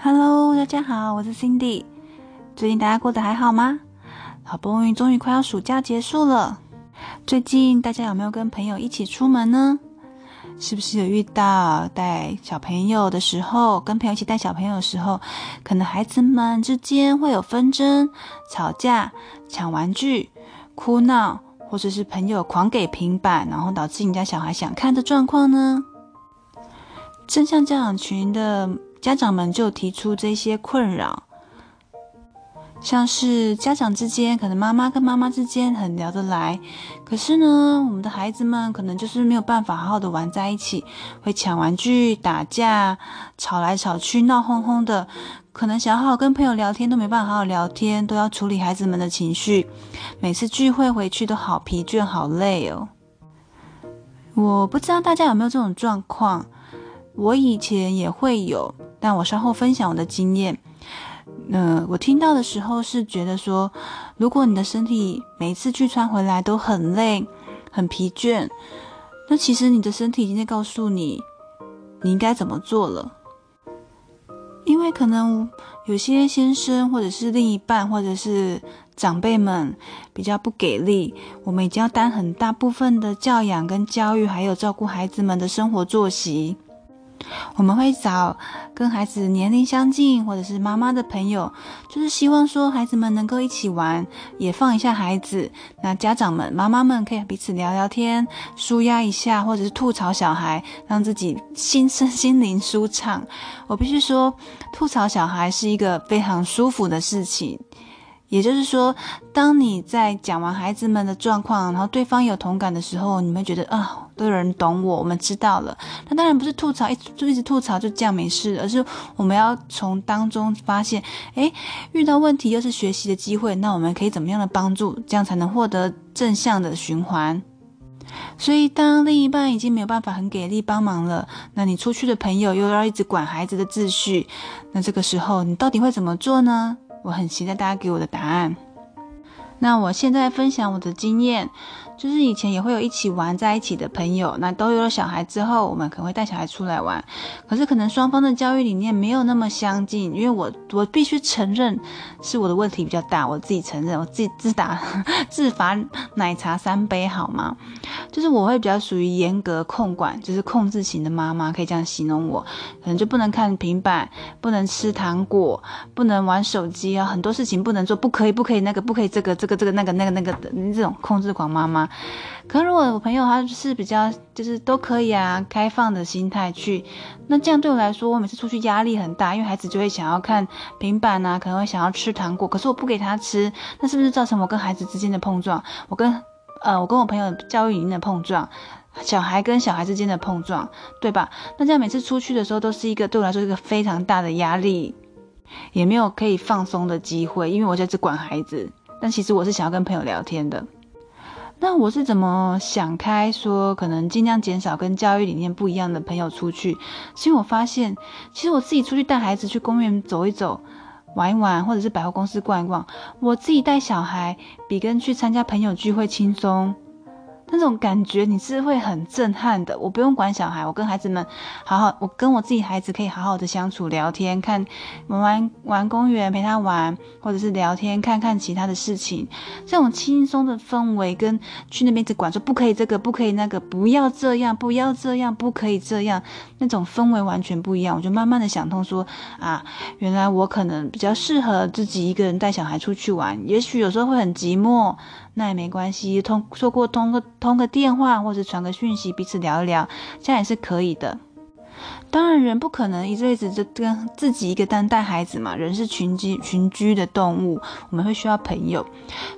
Hello，大家好，我是 Cindy。最近大家過得還好嗎？好不容易終於快要暑假結束了。最近大家有沒有跟朋友一起出門呢？是不是有遇到帶小朋友的時候，跟朋友一起帶小朋友的時候，可能孩子們之間會有紛爭、吵架、搶玩具、哭鬧，或者是朋友狂給平板，然後導致你家小孩想看的狀況呢？正向教養群的家長們就提出這些困擾，像是家長之間，可能媽媽跟媽媽之間很聊得來，可是呢，我們的孩子們可能就是沒有辦法好好的玩在一起，會搶玩具、打架、吵來吵去、鬧哄哄的，可能想好好跟朋友聊天都沒辦法好好聊天，都要處理孩子們的情緒，每次聚會回去都好疲倦、好累哦。我不知道大家有沒有這種狀況，我以前也會有。但我稍後分享我的經驗。那、呃、我聽到的時候是覺得說，如果你的身體每次去穿回來都很累，很疲倦，那其實你的身體已經在告訴你你應該怎麼做了。因為可能有些先生或者是另一半或者是長輩們比較不給力，我們已經要擔很大部分的教養跟教育，還有照顧孩子們的生活作息。我們會找跟孩子年齡相近，或者是媽媽的朋友，就是希望說孩子們能夠一起玩，也放一下孩子。那家長們、媽媽們可以彼此聊聊天，舒壓一下，或者是吐槽小孩，讓自己心身心靈舒暢。我必須說，吐槽小孩是一個非常舒服的事情。也就是說，當你在講完孩子們的狀況，然後對方有同感的時候，你們會覺得啊、呃，都有人懂我，我們知道了。那當然不是吐槽，一直就一直吐槽就這樣沒事，而是我們要從當中發現，哎、欸，遇到問題又是學習的機會，那我們可以怎麼樣的幫助，這樣才能獲得正向的循環。所以，當另一半已經沒有辦法很給力幫忙了，那你出去的朋友又要一直管孩子的秩序，那這個時候你到底會怎麼做呢？我很期待大家給我的答案。那我現在分享我的經驗。就是以前也會有一起玩在一起的朋友，那都有了小孩之後，我們可能會帶小孩出來玩，可是可能雙方的教育理念沒有那麼相近，因為我我必須承認是我的問題比較大，我自己承認，我自己自打自罰奶茶三杯好嗎？就是我會比較屬於嚴格控管，就是控制型的媽媽，可以這樣形容我，可能就不能看平板，不能吃糖果，不能玩手機啊，很多事情不能做，不可以不可以那個不可以這個這個這個那個那個那個的這種控制狂媽媽。可能如果我朋友他是比較就是都可以啊，開放的心態去，那這樣對我來說，我每次出去壓力很大，因為孩子就會想要看平板啊，可能會想要吃糖果，可是我不給他吃，那是不是造成我跟孩子之間的碰撞？我跟呃我跟我朋友教育理念的碰撞，小孩跟小孩之間的碰撞，對吧？那這樣每次出去的時候都是一個對我來說一個非常大的壓力，也沒有可以放鬆的機會，因為我就只管孩子，但其實我是想要跟朋友聊天的。那我是怎麼想開，說可能盡量減少跟教育理念不一樣的朋友出去，因為我發現，其實我自己出去帶孩子去公園走一走，玩一玩，或者是百貨公司逛一逛，我自己帶小孩比跟去參加朋友聚會輕鬆。那種感覺你是會很震撼的。我不用管小孩，我跟孩子們好好，我跟我自己孩子可以好好的相處、聊天，看玩玩玩公園，陪他玩，或者是聊天，看看其他的事情。這種輕鬆的氛圍，跟去那邊只管說不可以這個、不可以那個、不要這樣、不要這樣、不可以這樣，那種氛圍完全不一樣。我就慢慢的想通說，啊，原來我可能比較適合自己一個人帶小孩出去玩。也許有時候會很寂寞。那也沒關係，通錯，過通個通個電話，或者傳個訊息，彼此聊一聊，這樣也是可以的。當然，人不可能一輩子就跟自己一個單帶孩子嘛，人是群居群居的動物，我們會需要朋友。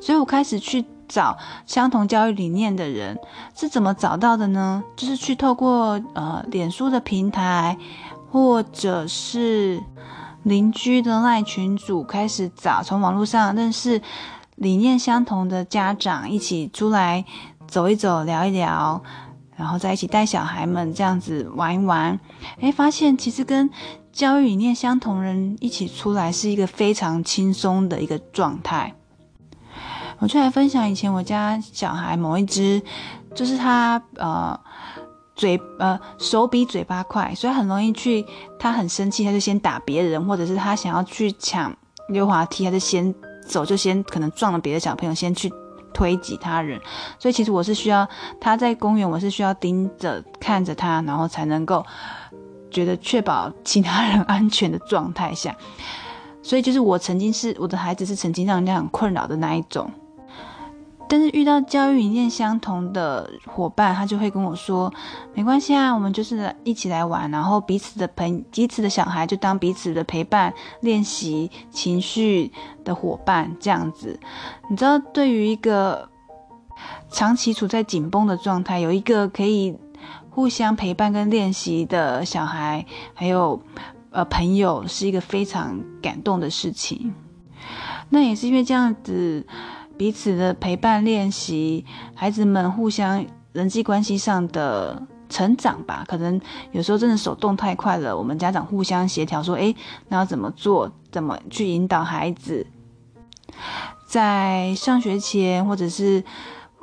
所以我開始去找相同教育理念的人，是怎麼找到的呢？就是去透過呃，臉書的平台，或者是鄰居的 line 群組開始找，從網絡上認識。理念相同的家長一起出來走一走、聊一聊，然後在一起帶小孩們這樣子玩一玩，誒、欸、發現其實跟教育理念相同的人一起出來是一個非常輕鬆的一個狀態。我就來分享以前我家小孩某一隻，就是他呃嘴呃手比嘴巴快，所以很容易去他很生氣他就先打別人，或者是他想要去搶溜滑梯，他就先。走就先可能撞了別的小朋友，先去推擠他人，所以其實我是需要他在公園，我是需要盯着看着他，然後才能夠覺得確保其他人安全的狀態下，所以就是我曾經是我的孩子是曾經讓人家很困擾的那一種。但是遇到教育理念相同的伙伴，他就會跟我說：“沒關係啊，我們就是一起來玩，然後彼此的朋、彼此的小孩就當彼此的陪伴練習情緒的伙伴這樣子。”你知道，對於一個長期處在緊繃的狀態，有一個可以互相陪伴跟練習的小孩，還有呃朋友，是一個非常感動的事情。那也是因為這樣子。彼此的陪伴練習，孩子們互相人際關係上的成長吧。可能有時候真的手動太快了，我們家長互相協調說，誒，那要怎麼做，怎麼去引導孩子。在上學前，或者是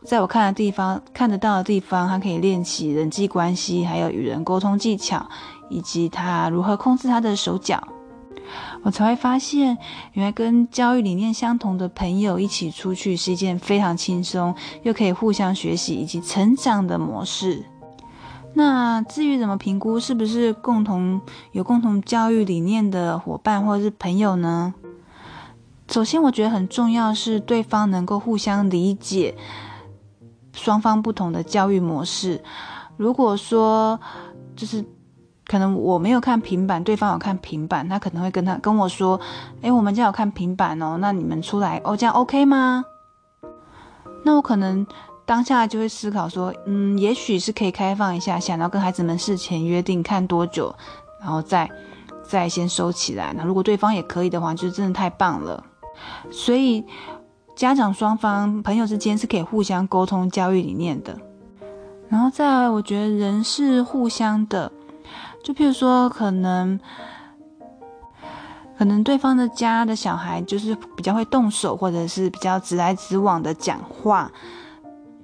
在我看的地方，看得到的地方，他可以練習人際關係，還有與人溝通技巧，以及他如何控制他的手腳。我才會發現，原來跟教育理念相同的朋友一起出去是一件非常輕鬆，又可以互相學習以及成長的模式。那至於怎麼評估是不是共同有共同教育理念的夥伴或者是朋友呢？首先，我覺得很重要是對方能夠互相理解雙方不同的教育模式。如果說就是。可能我沒有看平板，對方有看平板，他可能會跟他跟我說：“誒、欸，我們家有看平板哦，那你們出來哦，這樣 OK 嗎？”那我可能當下就會思考說：“嗯，也許是可以開放一下下，想要跟孩子們事前約定看多久，然後再再先收起來。那如果對方也可以的話，就是真的太棒了。所以家長雙方朋友之間是可以互相溝通教育理念的。然後再來，我覺得人是互相的。就譬如說，可能可能對方的家的小孩就是比較會動手，或者是比較直來直往的講話。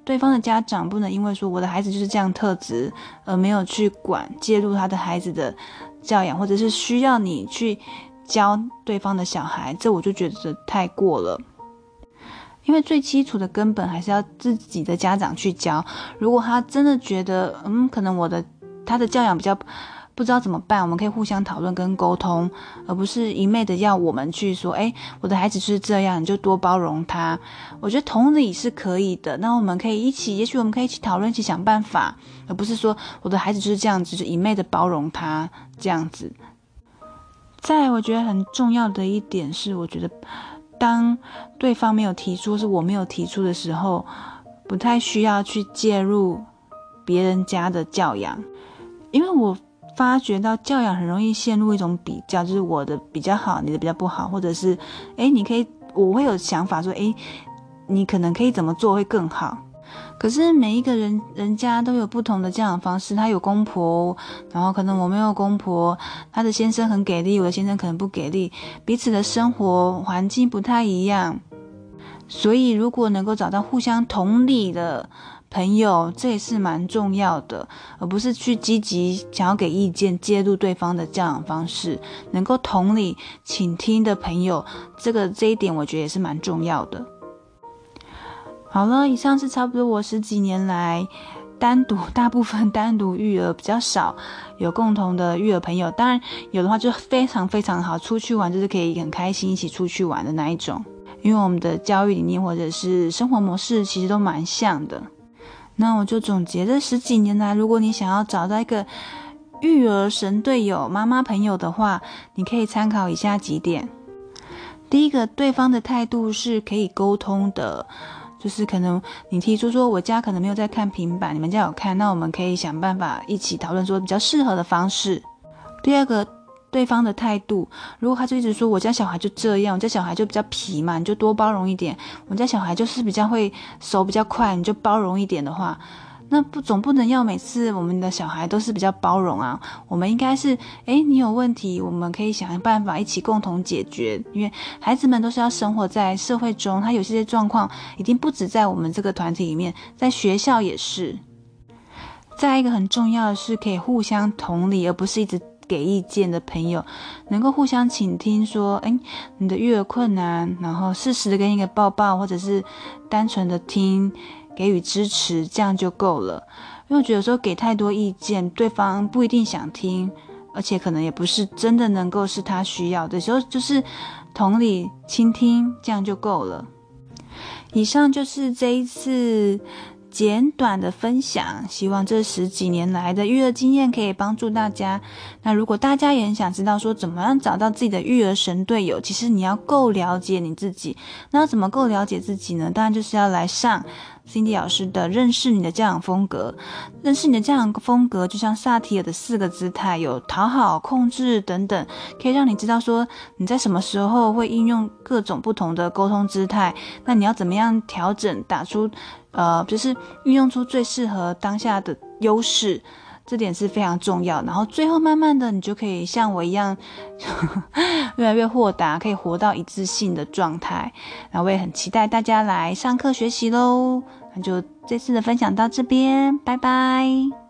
對方的家長不能因為說我的孩子就是這樣特質，而沒有去管介入他的孩子的教養，或者是需要你去教對方的小孩，這我就覺得太過了。因為最基礎的根本還是要自己的家長去教。如果他真的覺得，嗯，可能我的他的教養比較。不知道怎麼辦，我們可以互相討論跟溝通，而不是一昧的要我們去說，誒、欸，我的孩子是這樣，你就多包容他。我覺得同理是可以的，那我們可以一起，也許我們可以一起討論，一起想辦法，而不是說我的孩子就是這樣子，就一昧的包容他這樣子。再來我覺得很重要的一點是，我覺得當對方沒有提出，或是我沒有提出的時候，不太需要去介入別人家的教養，因為我。發覺到教養很容易陷入一種比較，就是我的比較好，你的比較不好，或者是，哎，你可以，我會有想法說，哎，你可能可以怎麼做會更好。可是每一個人，人家都有不同的教養方式，他有公婆，然後可能我沒有公婆，他的先生很給力，我的先生可能不給力，彼此的生活環境不太一樣，所以如果能夠找到互相同理的。朋友，這也是蠻重要的，而不是去積極想要給意見，介入對方的教養方式。能夠同理傾聽的朋友，這個這一點我覺得也是蠻重要的。好了，以上是差不多我十幾年來單獨，大部分單獨育兒，比較少有共同的育兒朋友，當然有的話就非常非常好，出去玩就是可以很開心一起出去玩的那一種，因為我們的教育理念或者是生活模式其實都蠻像的。那我就總結這十幾年來啊，如果你想要找到一個育兒神隊友、媽媽朋友的話，你可以參考以下幾點：第一個，對方的態度是可以溝通的，就是可能你提出說我家可能沒有在看平板，你們家有看，那我們可以想辦法一起討論說比較適合的方式。第二個。對方的態度，如果他就一直說我家小孩就這樣，我家小孩就比較皮嘛，你就多包容一點。我家小孩就是比較會手比較快，你就包容一點的話，那不總不能要每次我們的小孩都是比較包容啊。我們應該是，哎，你有問題，我們可以想辦法一起共同解決。因為孩子們都是要生活在社會中，他有些些狀況一定不止在我們這個團體裡面，在學校也是。再一個很重要的是，可以互相同理，而不是一直。給意見的朋友能夠互相傾聽，說：“哎，你的育兒困難。”然後適時的給你一個抱抱，或者是單純的聽，給予支持，這樣就夠了。因為我覺得說給太多意見，對方不一定想聽，而且可能也不是真的能夠是他需要的時候。就是同理傾聽，這樣就夠了。以上就是這一次簡短的分享，希望這十幾年來的育兒經驗可以幫助大家。那如果大家也很想知道說怎麼樣找到自己的育兒神隊友，其實你要夠了解你自己。那要怎麼夠了解自己呢？當然就是要來上。Cindy 老師的認識你的教養風格，認識你的教養風格，就像薩提爾的四個姿態，有討好、控制等等，可以讓你知道說你在什麼時候會應用各種不同的溝通姿態，那你要怎麼樣調整，打出，呃，就是運用出最適合當下的優勢。這點是非常重要，然後最後慢慢的，你就可以像我一樣呵呵，越來越豁達，可以活到一致性的狀態。那我也很期待大家來上課學習嘍。那就這次的分享到這邊，拜拜。